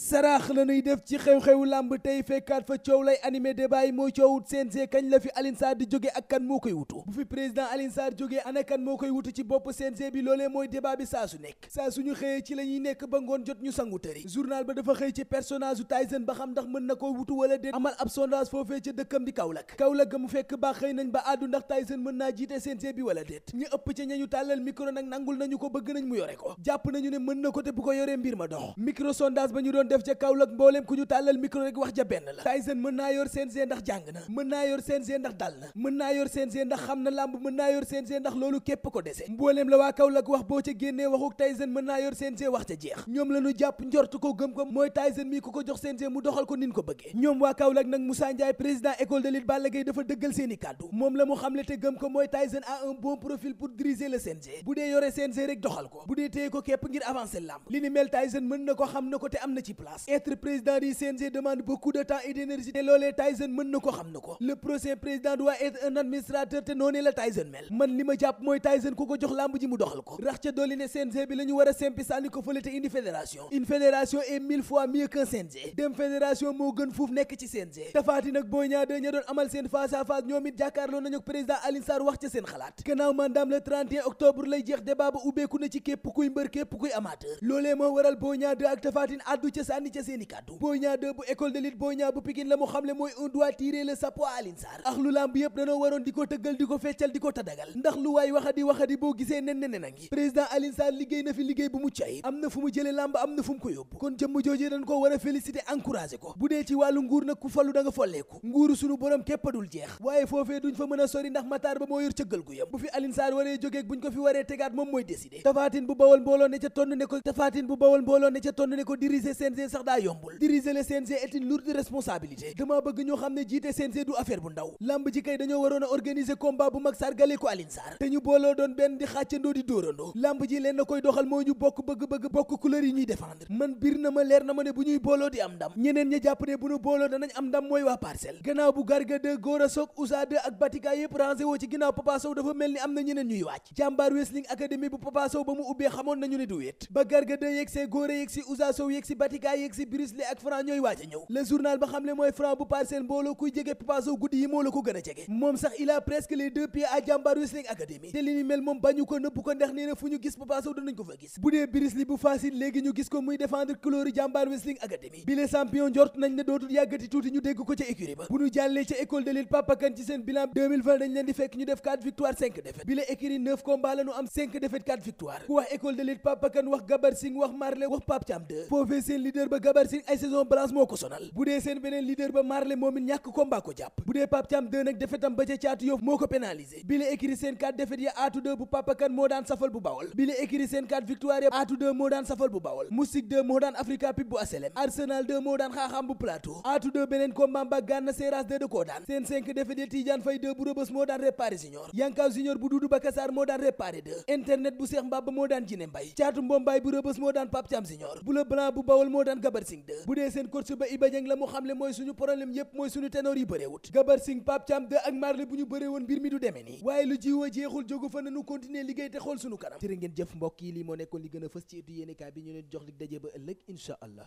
saraax la ñuy def ci xew-xewu làmb tey fekkaat fa coow lay animé débat yi mooy coowut CNG kañ la fi Alioune Sarr di jóge ak kan moo koy wutu bu fi président Alioune Sarr jógee ana kan moo koy wutu ci bopp CNG bi loolee mooy débat bi saa su nekk saa suñu xëyee ci la ñuy nekk ba ngoon jot ñu sangu tëri journal ba dafa xëy ci personnage u Tyson ba xam ndax mën na ko wutu wala déet amal ab sondage foofee ca dëkkam di Kaolack Kaolack ga mu fekk ba xëy nañ ba àddu ndax Tyson mën naa jiite CNG bi wala déet ëpp ca ñañu tàllal micro nag nangul nañu ko bëgg nañ mu yore ko nañu ne mën na ko te ko yoree mbir ma dox micro sondage ba ñu doon def ca Kaolack mbooleem ku ñu tàllal micro rek wax ja la mën naa yor CNG ndax jàng na mën naa yor CNG ndax dal na mën naa yor CNG ndax xam na làmb mën naa yor CNG ndax loolu képp ko dese mbooleem la waa Kaolack wax boo ca génnee waxuk Tyson mën naa yor CNG wax ca jeex ñoom la ñu jàpp njort ko gëm ko mooy Tyson mii ku ko jox CNG mu doxal ko nin ko bëggee ñoom waa Kaolack nag Moussa Ndiaye président école de lutte Balla Gaye dafa dëggal seeni kàddu moom la mu xamle te gëm ko mooy Tyson a un bon profil pour diriger le CNG bu dee yore CNG rek doxal ko bu dee téye ko képp ngir avancer làmb li ni mel Tyson mën na ko xam na ko te am na ci place président du CNG demande beaucoup de temps et d'énergie te loolee Tyson mën na ko xam na ko le prochain président doit être un administrateur te noonee la Tyson mel man li ma jàpp mooy Tyson ku ko jox làmb ji mu doxal ko rax ca dooli ne CNG bi la ñu war a ko fële te indi fédération une fédération est mille fois mieux qu'un CNG dem fédération moo gën fuuf nekk ci CNG tafaati nag booy ñaa de ña doon amal seen face à face ca sànni ca seeni kàddu Boy Niang 2 bu école de lutte Boy Niang bu Pikine la mu xamle mooy on doit tirer le chapeau à Alioune lu lamb yépp danoo waroon di ko tëggal di ko feccal di ko tadagal ndax lu waay waxadi waxadi boo gisee nen nen a ngi président Alioune Sarr liggéey na fi liggéey bu mu ayib am na fu mu jële lamb am na fu mu ko yóbbu kon jëmm joojee dañ ko war a féliciter encourager ko bu dee ci wàllu nguur nag ku fallu da nga folleeku nguuru sunu borom képpadul jeex waaye foofee fa a sori ndax Matar Ba moo yor cëggal gu yam bu fi Alioune Sarr waree bu bawal mbooloo ne ca tonn CNG sax daa yombul diriger le CNG est une lourde responsabilité dama bëgg ñoo xam ne jiite CNG du affaire bu ndaw lamb ji kay dañoo waroon a organiser combat bu mag sargale ko Alioune Sarr te booloo doon benn di xàccandoo di dóorandoo lamb ji leen koy doxal moo ñu bokk bëgg-bëgg bokk couleur yi ñuy défendre man biir na ma leer na ma ne bu ñuy booloo di am ndam ñeneen ña jàpp bu ñu booloo danañ am ndam mooy waa parcelle gannaaw bu garga de góor a soog gars yeeg si ak Franc ñooy waaj ñëw le journal ba xam mooy Franc bu par mbooloo kuy jege Papa guddi yi moo ko gën a moom sax il presque les deux pieds à Jambar Wrestling Academy te li ni mel moom bañu ko nëbb ko ndax nee fu ñu gis Papa Sow danañ ko fa gis bu dee bu facile léegi ñu gis ko muy défendre couleur Jambar Wrestling Academy bi le njort nañ ne dootul yàggati tuuti ñu dégg ko ca écurie ba bu leader ba Gabar ay saison blanche moo ko sonal bu seen beneen leader ba Marley moom it ñàkk ko jàpp bu dee Pape Thiam 2 defetam ba ca caatu Yoff moo ko pénalisé bi la seen 4 défaite ya aatu 2 bu Papa Kane moo daan safal bu Bawol bi la seen 4 victoire ya aatu 2 moo daan safal bu Bawol Moustique 2 moo daan Africa Pip aselem Arsenal 2 moo daan xaaxaam bu plateau aatu 2 beneen combat ba Gana Seras 2 da koo daan daan Gabar Singh 2 bu dee seen coach ba Iba Dieng la mu xamle mooy suñu problème yépp mooy suñu ténor yi bëreewut Gabar Singh Pape Thiam 2 ak Marley bu ñu bëree mbir mi du demee nii waaye lu jiwa jeexul jógu fa nañu continuer liggéey te xool suñu kanam jërë ngeen jëf mbokk yi lii moo nekkoon li gën a fës ci étu yéenekaay bi ñu leen jox lig daje ba ëllëg incha allah